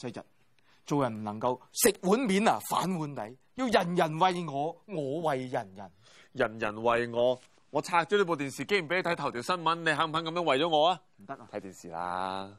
做人，做人唔能夠食碗面啊，反碗底。要人人為我，我為人人。人人為我，我拆咗呢部電視機，唔俾你睇頭條新聞，你肯唔肯咁樣為咗我啊？唔得啊！睇電視啦。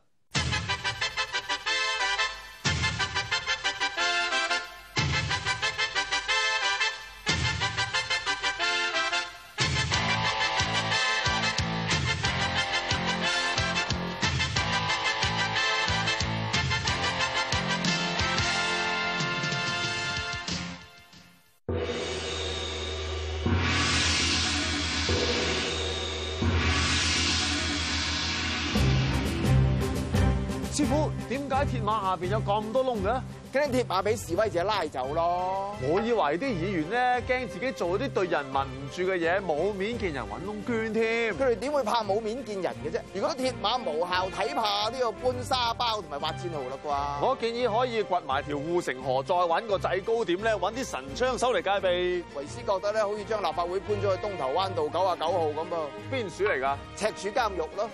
師傅，點解鐵馬下面有咁多窿嘅？驚鐵馬俾示威者拉走咯！我以為啲議員咧，驚自己做啲對人民唔住嘅嘢，冇面見人，揾窿捐添。佢哋點會怕冇面見人嘅啫？如果鐵馬無效，睇怕呢個搬沙包同埋挖戰壕咯啩。我建議可以掘埋條護城河，再揾個制高點咧，揾啲神槍手嚟戒備。維斯覺得咧，好似將立法會搬咗去東頭灣道九啊九號咁噃。邊處嚟㗎？赤柱監獄咯。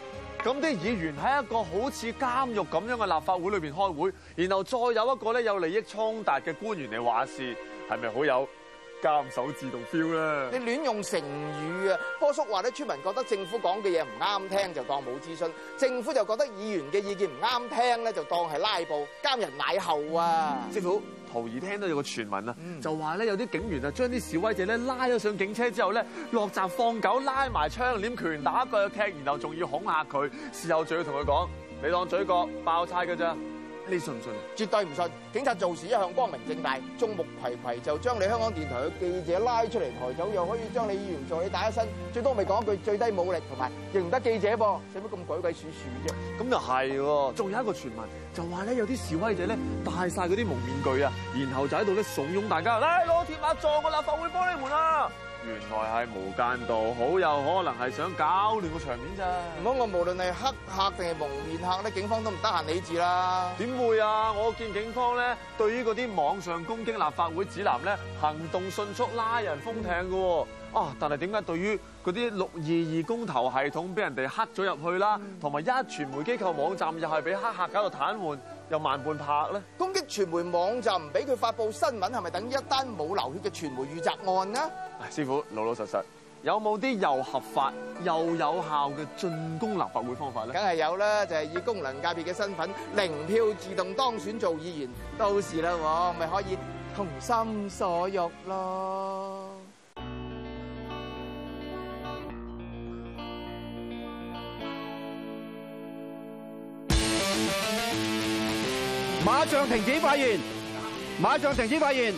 咁啲議員喺一個好似監獄咁樣嘅立法會裏面開會，然後再有一個咧有利益衝突嘅官員嚟話事，係咪好有監守自動 feel 咧？你亂用成語啊！波叔話咧，村民覺得政府講嘅嘢唔啱聽就當冇諮詢，政府就覺得議員嘅意見唔啱聽咧就當係拉布監人奶後啊、嗯！師傅。留意聽到有個傳聞啊，嗯、就話咧有啲警員啊將啲示威者咧拉咗上警車之後咧落閘放狗拉埋窗簾，點拳打腳踢，然後仲要恐嚇佢，事後仲要同佢講，你當嘴角爆拆㗎咋。你信唔信？絕對唔信！警察做事一向光明正大，眾目睽睽就將你香港電台嘅記者拉出嚟抬走，又可以將你議員助理打一身，最多咪講一句最低武力，同埋認得記者噃，使乜咁鬼鬼祟祟啫？咁又係喎，仲有一個傳聞，就話咧有啲示威者咧戴晒嗰啲蒙面具啊，然後就喺度咧慫恿大家，嚟攞鐵馬撞個立法會玻璃門啊！原來係無間道，好有可能係想搞亂個場面咋。唔好，我無論係黑客定係蒙面客咧，警方都唔得閒理智啦。點會啊？我見警方咧對於嗰啲網上攻擊立法會指南咧行動迅速，拉人封艇㗎喎啊！但係點解對於嗰啲六二二公投系統俾人哋黑咗入去啦，同埋一傳媒機構網站又係俾黑客搞到癱瘓？又慢半拍啦！攻擊傳媒網站，唔俾佢發布新聞，係咪等於一單冇流血嘅傳媒遇襲案啊？師傅老老實實，有冇啲又合法又有效嘅進攻立法會方法咧？梗係有啦，就係、是、以功能界別嘅身份零票自動當選做議員，到時啦，咪可以同心所欲咯。馬上停止發言！馬上停止發言！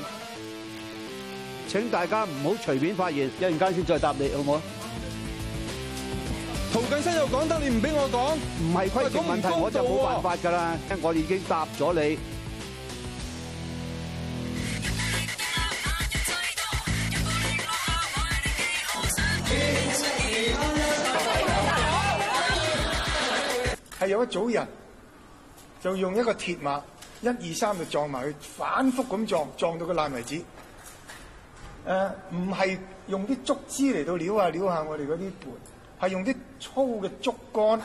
請大家唔好隨便發言，一陣間先再答你好唔好？陶近生又講得你唔俾我講，唔係規則問題，我,不不我就冇辦法噶啦。我已經答咗你。係有一組人，就用一個鐵馬。一二三就撞埋去，反覆咁撞，撞到個爛為止。誒、呃，唔係用啲竹枝嚟到撩下、撩下我哋嗰啲門，係用啲粗嘅竹竿，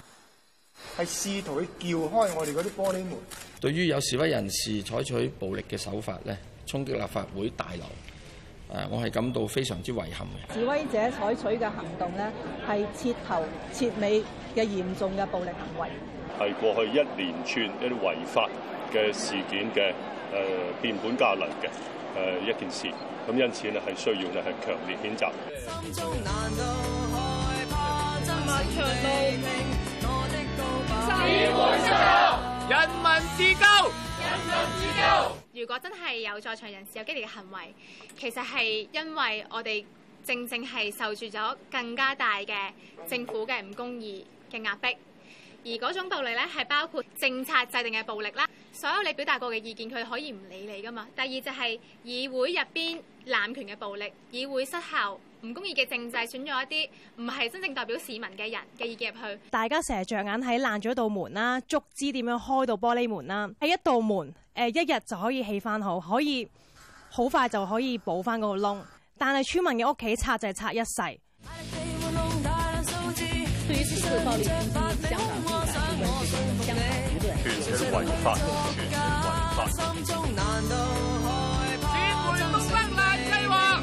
係試圖去撬開我哋嗰啲玻璃門。對於有示威人士採取暴力嘅手法咧，衝擊立法會大樓，我係感到非常之遺憾嘅。示威者採取嘅行動咧，係徹頭徹尾嘅嚴重嘅暴力行為，係過去一連串一啲違法。嘅事件嘅、呃、變本加厲嘅、呃、一件事，咁因此呢，係需要呢，係強烈譴責嘅。心中難道害怕真密長路令我失守？人民自救，人民自救。如果真係有在場人士有激烈嘅行為，其實係因為我哋正正係受住咗更加大嘅政府嘅唔公義嘅壓迫。而嗰種暴力咧係包括政策制定嘅暴力啦，所有你表達過嘅意見佢可以唔理你㗎嘛。第二就係議會入邊濫權嘅暴力，議會失效、唔公義嘅政制，選咗一啲唔係真正代表市民嘅人嘅意見入去。大家成日着眼喺爛咗道門啦、啊，足之點樣開到玻璃門啦、啊，喺一道門誒，一日就可以起翻好，可以好快就可以補翻嗰個窿，但係村民嘅屋企拆就係拆一世。 全程違法，全程違法！心中綠色藍計劃，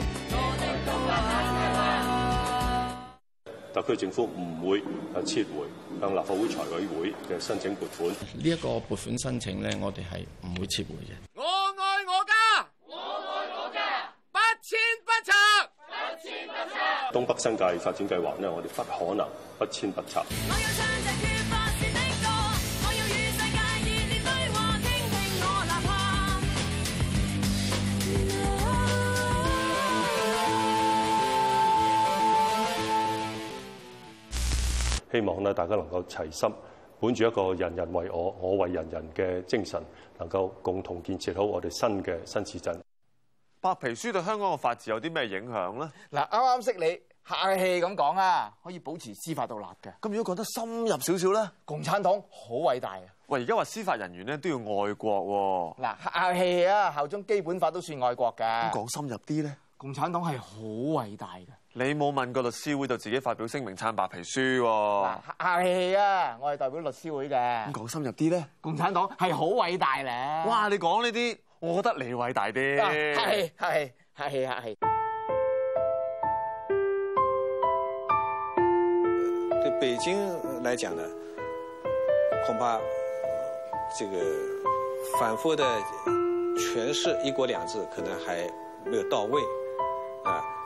特區政府唔會啊撤回向立法會財委會嘅申請撥款。呢、這、一個撥款申請咧，我哋係唔會撤回嘅。我愛我家，我愛我家，不遷不拆，不遷不拆。東北新界發展計劃呢，我哋不可能不遷不拆。我希望咧大家能夠齊心，本住一個人人為我，我為人人嘅精神，能夠共同建設好我哋新嘅新市鎮。白皮書對香港嘅法治有啲咩影響咧？嗱，啱啱識你客氣咁講啊，可以保持司法獨立嘅。咁如果覺得深入少少咧，共產黨好偉大啊！喂，而家話司法人員咧都要愛國喎。嗱，客氣啊，效忠基本法都算愛國嘅。咁講深入啲咧，共產黨係好偉大嘅。你冇問過律師會就自己發表聲明撐白皮書哦，客氣啊，啊，我係代表律師會嘅。咁講深入啲呢？共產黨係好偉大咧。哇，你講呢啲，我覺得你偉大啲。客氣客氣客氣客氣。對北京來講呢，恐怕這個反覆的詮釋一國兩制可能還沒有到位。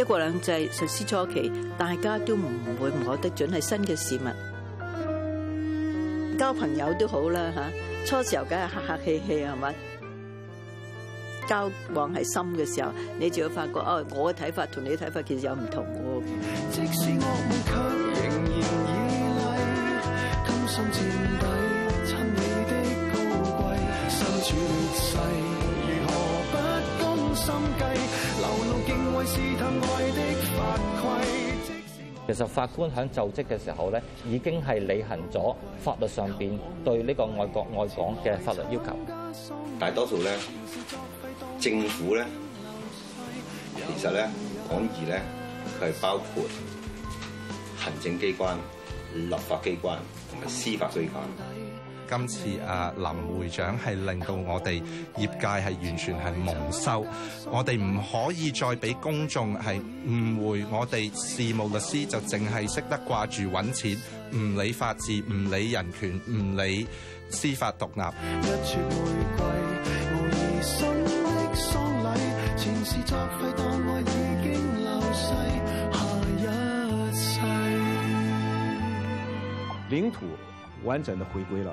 一國兩制實施初期，大家都唔會摸得準係新嘅事物，交朋友都好啦吓。初時候梗係客客氣氣，係咪？交往係深嘅時候，你就會發覺哦，我嘅睇法同你嘅睇法其實有唔同的。即使我其實法官喺就職嘅時候咧，已經係履行咗法律上邊對呢個愛國愛港嘅法律要求。大多數咧，政府咧，其實咧，廣義咧，佢係包括行政機關、立法機關同埋司法機關。今次啊，林會長係令到我哋業界係完全係蒙羞，我哋唔可以再俾公眾係誤會，我哋事務律師就淨係識得掛住揾錢，唔理法治，唔理人權，唔理司法獨立。一串玫瑰，無疑心的喪禮，前事作廢，但愛已經流逝，下一世。領土完整地回歸啦。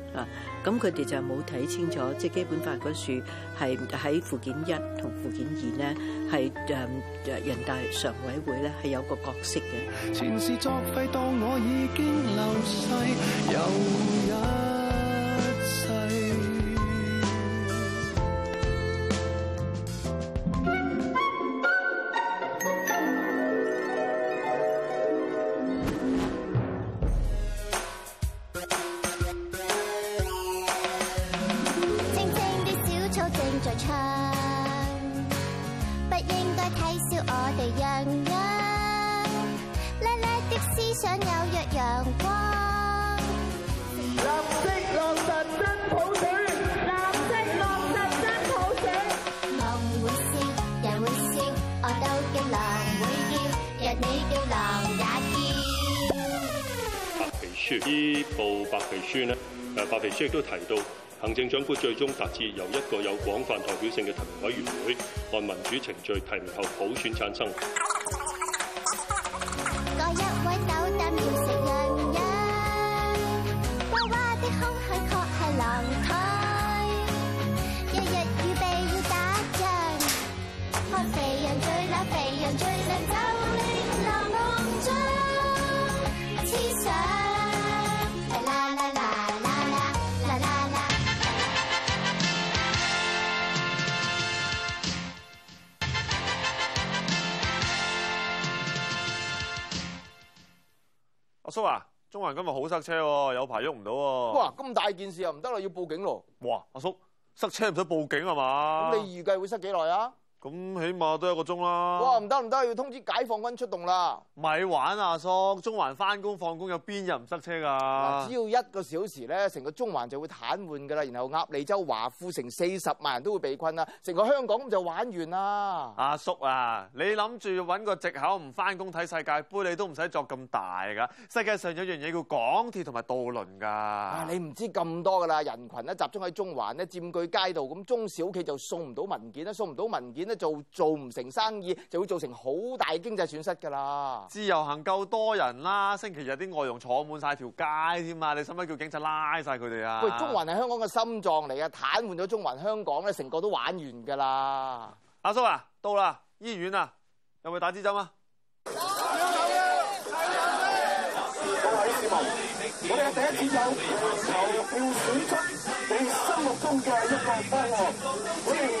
啊！咁佢哋就冇睇清楚，即係基本法嗰樹係喺附件一同附件二咧，係誒人大常委會咧係有個角色嘅。前嗯呢部白皮書呢，誒白皮書亦都提到，行政長官最終達至由一個有廣泛代表性嘅提名委員會按民主程序提名後普選產生。咁咪好塞車喎，有排喐唔到喎。哇！咁大件事又唔得啦，要報警咯。哇！阿叔，塞車唔使報警係嘛？咁你預計會塞幾耐啊？咁起碼都一個鐘啦！哇、哦，唔得唔得，要通知解放軍出動啦！咪玩啊，叔！中環返工放工有邊日唔塞車㗎，啊？只要一個小時咧，成個中環就會癱瘓㗎啦，然後鴨脷洲、華富城四十萬人都會被困啦。成個香港咁就玩完啦！阿、啊、叔啊，你諗住搵個藉口唔返工睇世界杯，你都唔使作咁大㗎。世界上有樣嘢叫港鐵同埋渡輪㗎。你唔知咁多㗎啦，人群咧集中喺中環咧，佔據街道，咁中小企就送唔到文件啦，送唔到文件。做做唔成生意，就會造成好大經濟損失噶啦。自由行夠多人啦，星期日啲外傭坐滿曬條街添嘛。你使唔使叫警察拉曬佢哋啊？喂，中環係香港嘅心臟嚟啊，癱瘓咗中環，香港咧成個都玩完噶啦。阿叔啊，到啦，醫院啊，有冇打支針啊？來了！來了！來了！各位市民，我哋嘅第一次投票選出你心目中嘅一個方案。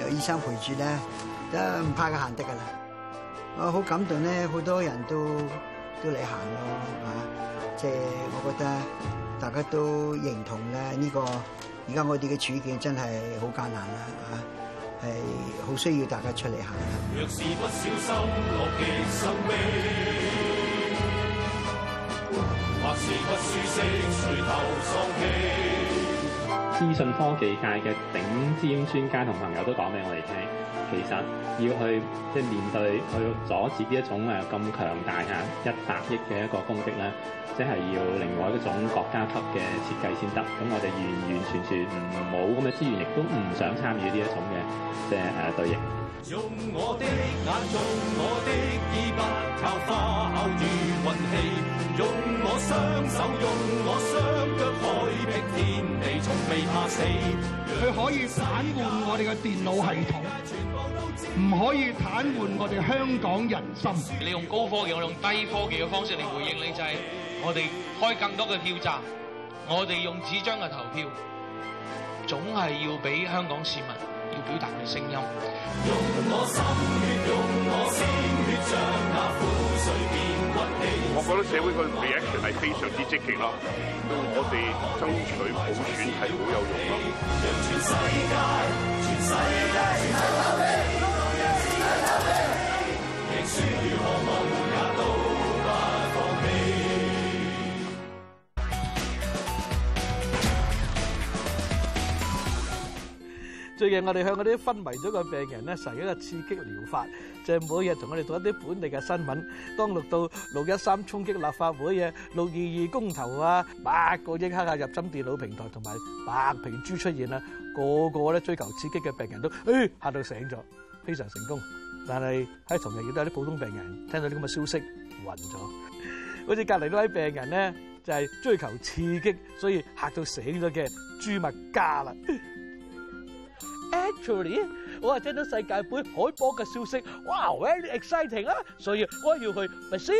有醫生陪住咧，都唔怕佢行得噶啦。我好感動咧，好多人都都嚟行咯嚇。即係、就是、我覺得大家都認同嘅、這、呢個，而家我哋嘅處境真係好艱難啦嚇，係好需要大家出嚟行。若是不不小心落資訊科技界嘅頂尖專家同朋友都講俾我哋聽，其實要去即係面對去阻止呢一種誒咁強大一百億嘅一個攻擊咧，即係要另外一種國家級嘅設計先得。咁我哋完完全全冇咁嘅資源，亦都唔想參與呢一種嘅即係誒用我對應。用我的耳不靠花佢可以癱瘓我哋嘅電腦系統，唔可以癱瘓我哋香港人心。你用高科技，我用低科技嘅方式嚟回應你，就係我哋開更多嘅票站，我哋用紙張嘅投票，總係要俾香港市民。要表達嘅聲音。我覺得社會嘅反應係非常之積極囉，對我哋爭取普選係好有用囉。最近我哋向嗰啲昏迷咗嘅病人咧，試一個刺激療法，就每日同我哋讀一啲本地嘅新聞。當錄到六一三衝擊立法會啊，六二二公投啊，八個億黑客入侵電腦平台，同埋白皮豬出現啊，個個咧追求刺激嘅病人都嚇到醒咗，非常成功。但係喺同日，亦都有啲普通病人聽到呢啲咁嘅消息，暈咗。好似隔籬嗰位病人咧，就係追求刺激，所以嚇到醒咗嘅豬物家啦。Actually，我啊聽到世界盃海波嘅消息，哇，very exciting 啊！所以我要去，巴西。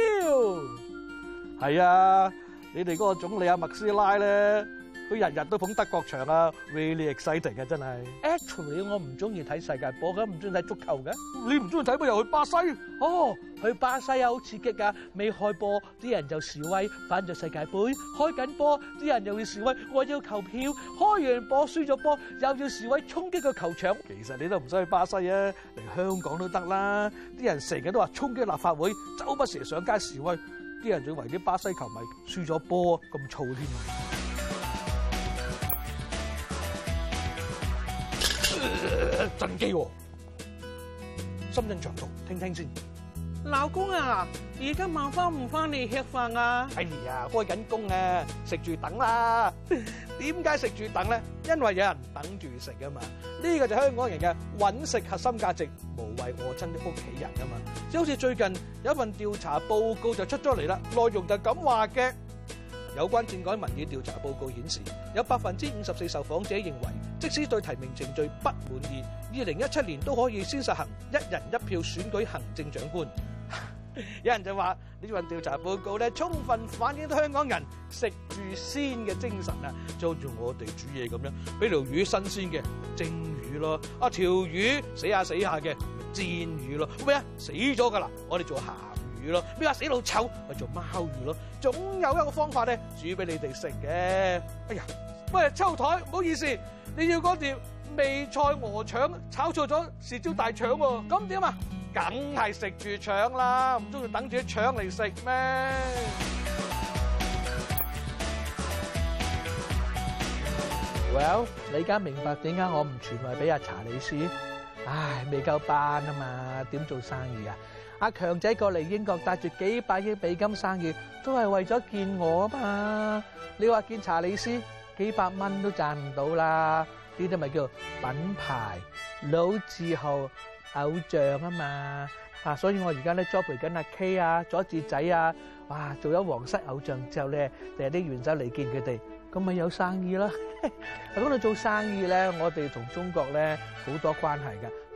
係啊，你哋嗰個總理阿麥斯拉咧。佢日日都捧德國場啊，really exciting 嘅、啊、真係。actually 我唔中意睇世界波，咁唔中意睇足球嘅。你唔中意睇，波，又去巴西。哦、oh。去巴西啊，好刺激噶！未開波，啲人就示威反著世界盃；開緊波，啲人又要示威，我要球票。開完波輸咗波，又要示威衝擊個球場。其實你都唔使去巴西啊，嚟香港都得啦。啲人成日都話衝擊立法會，走不時上街示威。啲人仲以為啲巴西球迷輸咗波咁燥添。震機喎，深圳長途，聽聽先。老公啊，而家晚翻唔翻嚟食飯啊？哎呀，開緊工啊，食住等啦。點解食住等咧？因為有人等住食啊嘛。呢個就香港人嘅搵食核心價值，無謂餓親啲屋企人啊嘛。好似最近有一份調查報告就出咗嚟啦，內容就咁話嘅。有關政改民意調查報告顯示，有百分之五十四受訪者認為，即使對提名程序不滿意，二零一七年都可以先實行一人一票選舉行政長官。有人就話呢份調查報告咧，充分反映到香港人「食住先」嘅精神啊，就好似我哋煮嘢咁樣，畀條魚新鮮嘅蒸魚咯，啊條魚死下死下嘅煎魚咯，咩啊死咗噶啦，我哋做下。魚咯，咩話死老醜，咪做貓魚咯，總有一個方法咧，煮俾你哋食嘅。哎呀，喂，秋台唔好意思，你要嗰碟味菜鵝腸炒錯咗豉椒大腸喎，咁點啊？梗係食住腸啦，唔中意等住啲腸嚟食咩？Well，你而家明白點解我唔傳位俾阿查理斯？唉，未夠班啊嘛，點做生意啊？.阿強仔過嚟英國，帶住幾百億美金生意，都係為咗見我吖嘛。你話見查理斯，幾百蚊都賺唔到啦。呢啲咪叫品牌、老字號、偶像吖嘛。所以我而家呢,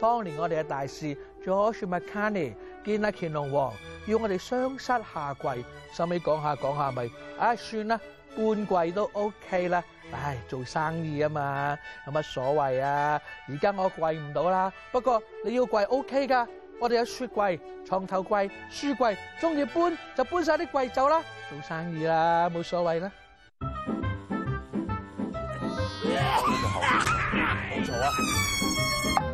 當年我哋嘅大使，左住麥卡尼，見阿乾隆王要我哋雙膝下跪，收尾講下講下咪、就是，啊算啦，搬櫃都 OK 啦，唉，做生意啊嘛，有乜所謂啊？而家我跪唔到啦，不過你要跪 OK 噶，我哋有雪櫃、床頭櫃、書櫃，中意搬就搬晒啲櫃走啦，做生意啦，冇所謂啦。Yeah.